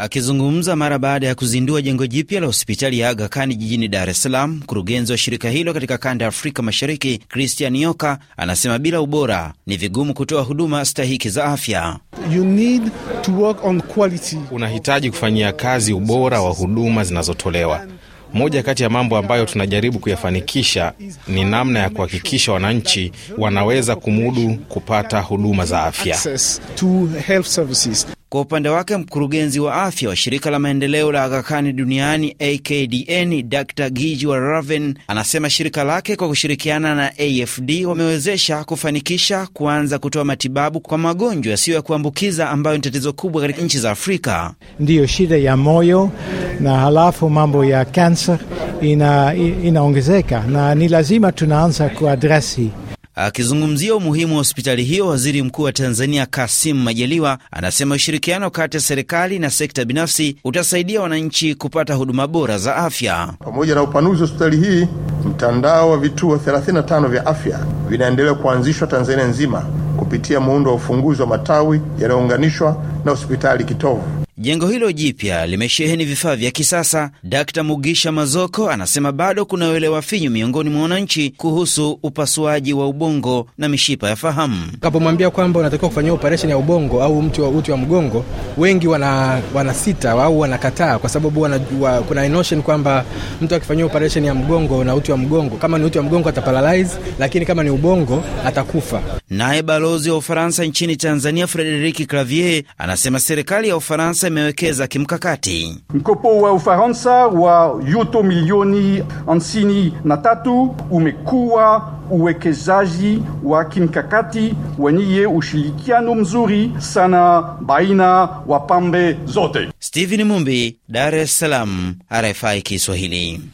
Akizungumza mara baada ya kuzindua jengo jipya la hospitali ya Aga Khan jijini Dar es Salaam, mkurugenzi wa shirika hilo katika kanda ya Afrika Mashariki, Christian Yoka, anasema bila ubora ni vigumu kutoa huduma stahiki za afya. You need to work on quality. Unahitaji kufanyia kazi ubora wa huduma zinazotolewa. Moja kati ya mambo ambayo tunajaribu kuyafanikisha ni namna ya kuhakikisha wananchi wanaweza kumudu kupata huduma za afya. Kwa upande wake mkurugenzi wa afya wa shirika la maendeleo la Agakani duniani AKDN Dr Giji wa Raven anasema shirika lake kwa kushirikiana na AFD wamewezesha kufanikisha kuanza kutoa matibabu kwa magonjwa yasiyo ya kuambukiza ambayo ni tatizo kubwa katika nchi za Afrika. Ndiyo shida ya moyo na halafu mambo ya kansa inaongezeka, ina na ni lazima tunaanza kuadresi Akizungumzia umuhimu wa hospitali hiyo, waziri mkuu wa Tanzania Kassim Majaliwa anasema ushirikiano kati ya serikali na sekta binafsi utasaidia wananchi kupata huduma bora za afya. Pamoja na upanuzi wa hospitali hii, mtandao wa vituo 35 vya afya vinaendelea kuanzishwa Tanzania nzima kupitia muundo wa ufunguzi wa matawi yanayounganishwa na hospitali kitovu. Jengo hilo jipya limesheheni vifaa vya kisasa. Dkt Mugisha Mazoko anasema bado kuna uelewa finyu miongoni mwa wananchi kuhusu upasuaji wa ubongo na mishipa ya fahamu. Kapomwambia kwamba unatakiwa kufanyia operesheni ya ubongo au mti wa uti wa mgongo, wengi wana, wana sita au wanakataa kwa sababu wana, wa, kuna notion kwamba mtu akifanyia operesheni ya mgongo na uti wa mgongo, kama ni uti wa mgongo ataparalyze, lakini kama ni ubongo atakufa. Naye balozi wa Ufaransa nchini Tanzania Frederiki Clavier anasema serikali ya Ufaransa imewekeza kimkakati. Mkopo wa Ufaransa wa yuto milioni hamsini na tatu umekuwa uwekezaji wa kimkakati wenye ushirikiano mzuri sana baina wa pambe zote. Steven Mumbi, Dar es Salaam, RFI Kiswahili.